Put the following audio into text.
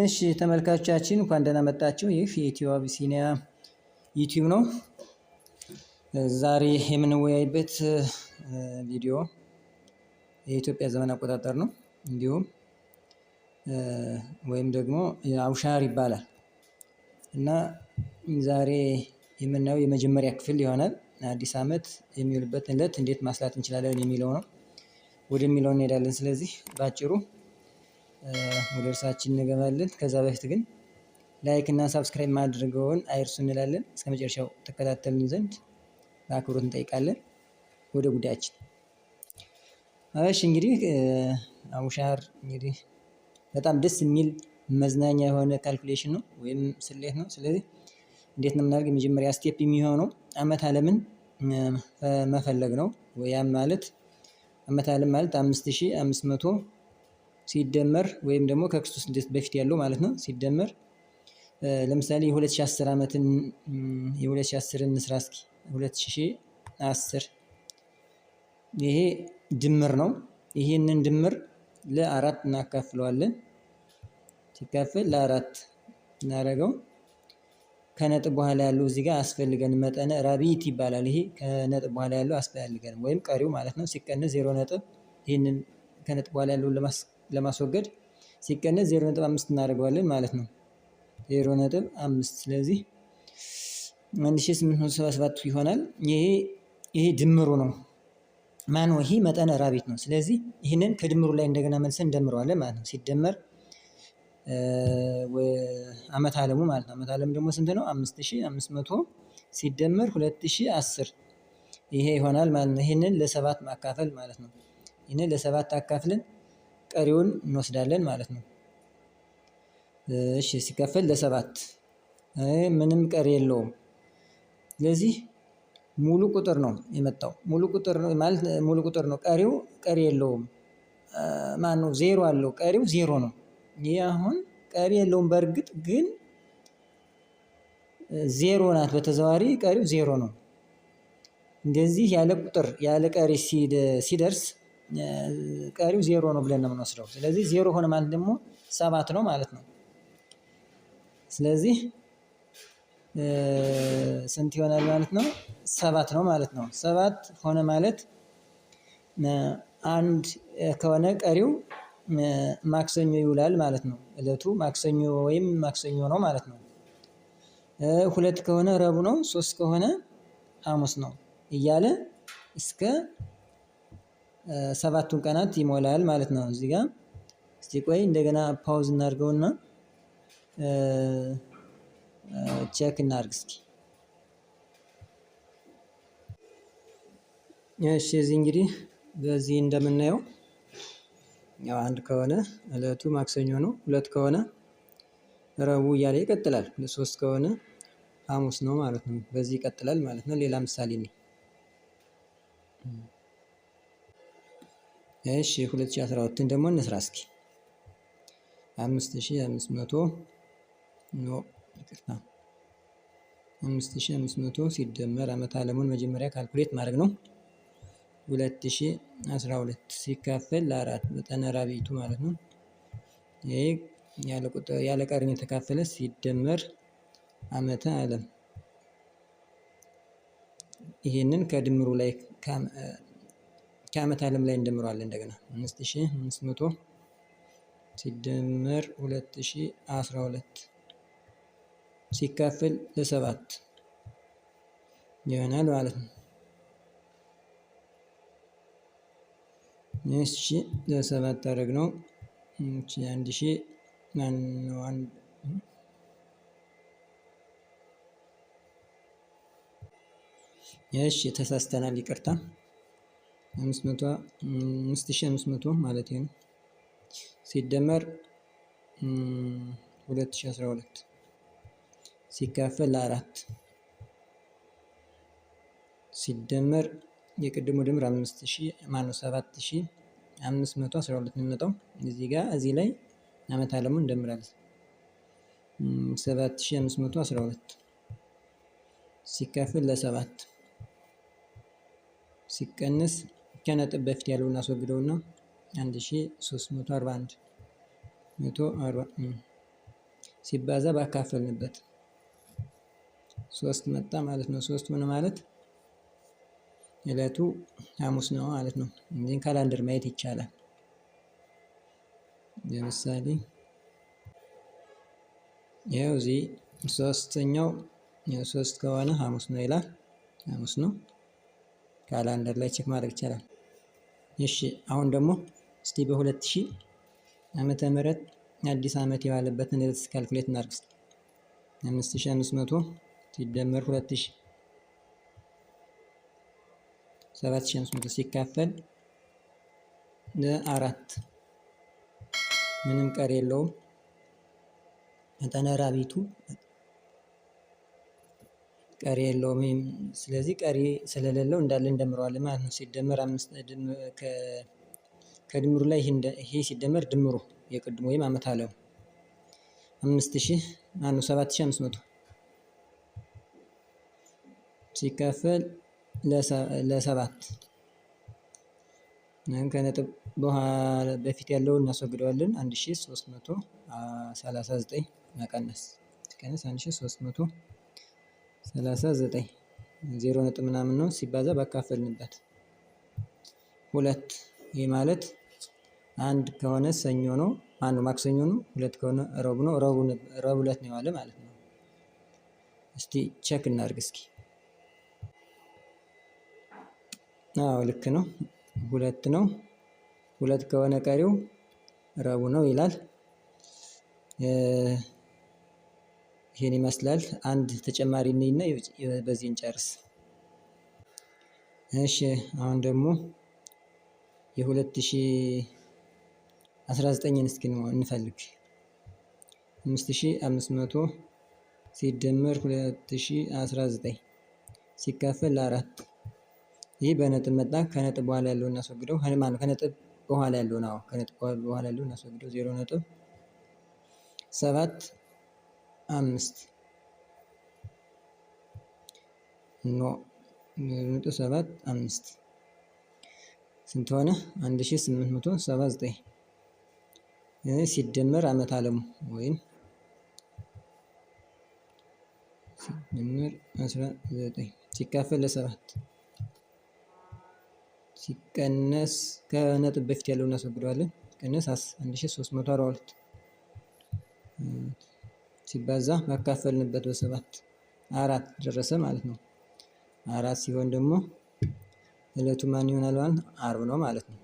እሺ ተመልካቾቻችን እንኳን ደህና መጣችሁ። ይህ የኢትዮ አቢሲኒያ ዩቲዩብ ነው። ዛሬ የምንወያይበት ቪዲዮ የኢትዮጵያ ዘመን አቆጣጠር ነው። እንዲሁም ወይም ደግሞ አውሻር ይባላል እና ዛሬ የምናየው የመጀመሪያ ክፍል ይሆናል። አዲስ ዓመት የሚውልበትን ዕለት እንዴት ማስላት እንችላለን የሚለው ነው። ወደሚለው እንሄዳለን። ስለዚህ ባጭሩ ወደ እርሳችን እንገባለን። ከዛ በፊት ግን ላይክ እና ሳብስክራይብ ማድረገውን አይርሱ እንላለን። እስከ መጨረሻው ተከታተልን ዘንድ በአክብሮት እንጠይቃለን። ወደ ጉዳያችን እሺ። እንግዲህ አቡሻር እንግዲህ በጣም ደስ የሚል መዝናኛ የሆነ ካልኩሌሽን ነው ወይም ስሌት ነው። ስለዚህ እንዴት ነው የምናደርግ? የመጀመሪያ ስቴፕ የሚሆነው አመት አለምን መፈለግ ነው። ወያም ማለት አመት አለም ማለት አምስት ሺህ አምስት መቶ ሲደመር ወይም ደግሞ ከክርስቶስ ልደት በፊት ያለው ማለት ነው ሲደመር ለምሳሌ የ2010 ዓመትን የ2010 ስራ እስኪ 2010 ይሄ ድምር ነው። ይህንን ድምር ለአራት እናካፍለዋለን። ሲካፈል ለአራት እናደርገው ከነጥብ በኋላ ያለው እዚህ ጋር አስፈልገን መጠነ ራቢት ይባላል። ይሄ ከነጥብ በኋላ ያለው አስፈልገን ወይም ቀሪው ማለት ነው ሲቀነስ ዜሮ ነጥብ ይህንን ከነጥብ በኋላ ያለውን ለማስ ለማስወገድ ሲቀነስ 0.5 እናደርገዋለን ማለት ነው። 0.5 ስለዚህ 1877 ይሆናል። ይሄ ይሄ ድምሩ ነው ማን ይሄ መጠነ ራቢት ነው። ስለዚህ ይህንን ከድምሩ ላይ እንደገና መልሰን እንደምረዋለን ማለት ነው። ሲደመር አመት አለሙ ማለት ነው። አመት አለሙ ደግሞ ስንት ነው? 5500 ሲደመር 2010 ይሄ ይሆናል ማለት ነው። ይህንን ለሰባት ማካፈል ማለት ነው። ይህንን ለሰባት አካፍልን ቀሪውን እንወስዳለን ማለት ነው። እሺ ሲከፈል ለሰባት ምንም ቀሪ የለውም። ስለዚህ ሙሉ ቁጥር ነው የመጣው። ሙሉ ቁጥር ነው ማለት ሙሉ ቁጥር ነው። ቀሪው ቀሪ የለውም። ነው ዜሮ አለው። ቀሪው ዜሮ ነው። ይህ አሁን ቀሪ የለውም። በእርግጥ ግን ዜሮ ናት። በተዘዋሪ ቀሪው ዜሮ ነው። እንደዚህ ያለ ቁጥር ያለ ቀሪ ሲደርስ ቀሪው ዜሮ ነው ብለን ነው የምንወስደው። ስለዚህ ዜሮ ሆነ ማለት ደግሞ ሰባት ነው ማለት ነው። ስለዚህ ስንት ይሆናል ማለት ነው? ሰባት ነው ማለት ነው። ሰባት ሆነ ማለት አንድ ከሆነ ቀሪው ማክሰኞ ይውላል ማለት ነው። እለቱ ማክሰኞ ወይም ማክሰኞ ነው ማለት ነው። ሁለት ከሆነ ረቡዕ ነው። ሶስት ከሆነ ሐሙስ ነው እያለ እስከ ሰባቱን ቀናት ይሞላል ማለት ነው። እዚህ ጋ እስቲ ቆይ እንደገና ፓውዝ እናድርገውና ቼክ እናድርግ እስኪ። እሺ እዚህ እንግዲህ በዚህ እንደምናየው ያው አንድ ከሆነ እለቱ ማክሰኞ ነው። ሁለት ከሆነ ረቡዕ እያለ ይቀጥላል። ሶስት ከሆነ ሐሙስ ነው ማለት ነው። በዚህ ይቀጥላል ማለት ነው። ሌላ ምሳሌ ነው። እሺ 2012ን ደግሞ 5500 ኖ ይቅርታ 5500 ሲደመር ዓመት አለሙን መጀመሪያ ካልኩሌት ማድረግ ነው። 2012 ሲካፈል ለአራት መጠነ ራቢቱ ማለት ነው። ያለ ቀርን የተካፈለ ሲደመር አመተ ዓለም ይሄንን ከድምሩ ላይ ከአመት ዓለም ላይ እንደምረዋለን። እንደገና 5500 ሲደምር 2012 ሲካፈል ለሰባት ይሆናል ማለት ነው። እሺ ለሰባት አደረግ ነው። እሺ አንድ ሺ ማን አንድ እሺ ተሳስተናል፣ ይቅርታ። አምስት ሺህ አምስት መቶ ማለት ነው ሲደመር 2012 ሲካፈል ለአራት ሲደመር የቅድሙ ድምር 5000 ማነው 7512 የሚመጣው እዚህ ጋር እዚህ ላይ አመት አለሙን እንደምራለን። 7512 ሲካፈል ለሰባት ሲቀንስ ከነጥብ በፊት ያለውን አስወግደውና 1341 ሲባዛ ባካፈልንበት ሶስት መጣ ማለት ነው። ሶስት ምን ማለት እለቱ ሐሙስ ነው ማለት ነው። እንዲህን ካላንደር ማየት ይቻላል። ለምሳሌ ይኸው እዚህ ሶስተኛው ሶስት ከሆነ ሐሙስ ነው ይላል። ሐሙስ ነው። ካላንደር ላይ ቼክ ማድረግ ይቻላል። እሺ አሁን ደግሞ እስቲ በ2000 ዓመተ ምህረት አዲስ ዓመት የዋለበትን ዕለት ካልኩሌት እናድርግ። 5500 ሲደመር 2000 7500 ሲካፈል ለአራት ምንም ቀር የለውም። ጠነራ ራቢቱ ቀሪ የለውም ስለዚህ ቀሪ ስለሌለው እንዳለ እንደምረዋለን ማለት ነው። ሲደመር ከድምሩ ላይ ይሄ ሲደመር ድምሩ የቅድሙ ወይም አመት አለው አምስት ሺህ ማነው ሰባት ሺህ አምስት መቶ ሲካፈል ለሰባት ከነጥብ በኋላ በፊት ያለው እናስወግደዋለን። አንድ ሺህ ሶስት መቶ ሰላሳ ዘጠኝ መቀነስ ሲቀነስ አንድ ሺህ ሶስት መቶ ሰላሳ ዘጠኝ ዜሮ ነጥብ ምናምን ነው ሲባዛ ባካፈልንበት ሁለት። ይህ ማለት አንድ ከሆነ ሰኞ ነው አንዱ ማክሰኞ ነው። ሁለት ከሆነ ረቡዕ ነው። ረቡዕ ዕለት ነው ያለ ማለት ነው። እስቲ ቼክ እናድርግ እስኪ። አዎ ልክ ነው፣ ሁለት ነው። ሁለት ከሆነ ቀሪው ረቡ ነው ይላል። ይሄን ይመስላል። አንድ ተጨማሪ እንይና በዚህ እንጨርስ። እሺ አሁን ደግሞ የ2019ን እስኪ እንፈልግ። 5500 ሲደምር 2019 ሲካፈል ለአራት ይህ በነጥብ መጣ። ከነጥብ በኋላ ያለው እናስወግደው። ማነው ከነጥብ በኋላ ያለው ነው። ከነጥብ በኋላ ያለው እናስወግደው። ዜሮ ነጥብ ሰባት አምስት ኖ ምጡ ሰባት አምስት ስንት ሆነ? አንድ ሺ ስምንት መቶ ሰባ ዘጠኝ ሲደመር አመት አለሙ ወይም ሲደመር አስራ ዘጠኝ ሲካፈል ለሰባት ሲቀነስ ከነጥብ በፊት ያለውን እናስወግደዋለን። ቀነስ አንድ ሺ ሶስት መቶ አርባ ሁለት ሲባዛ ማካፈልንበት በሰባት አራት ደረሰ ማለት ነው። አራት ሲሆን ደግሞ እለቱ ማን ይሆናል ማለት አርብ ነው ማለት ነው።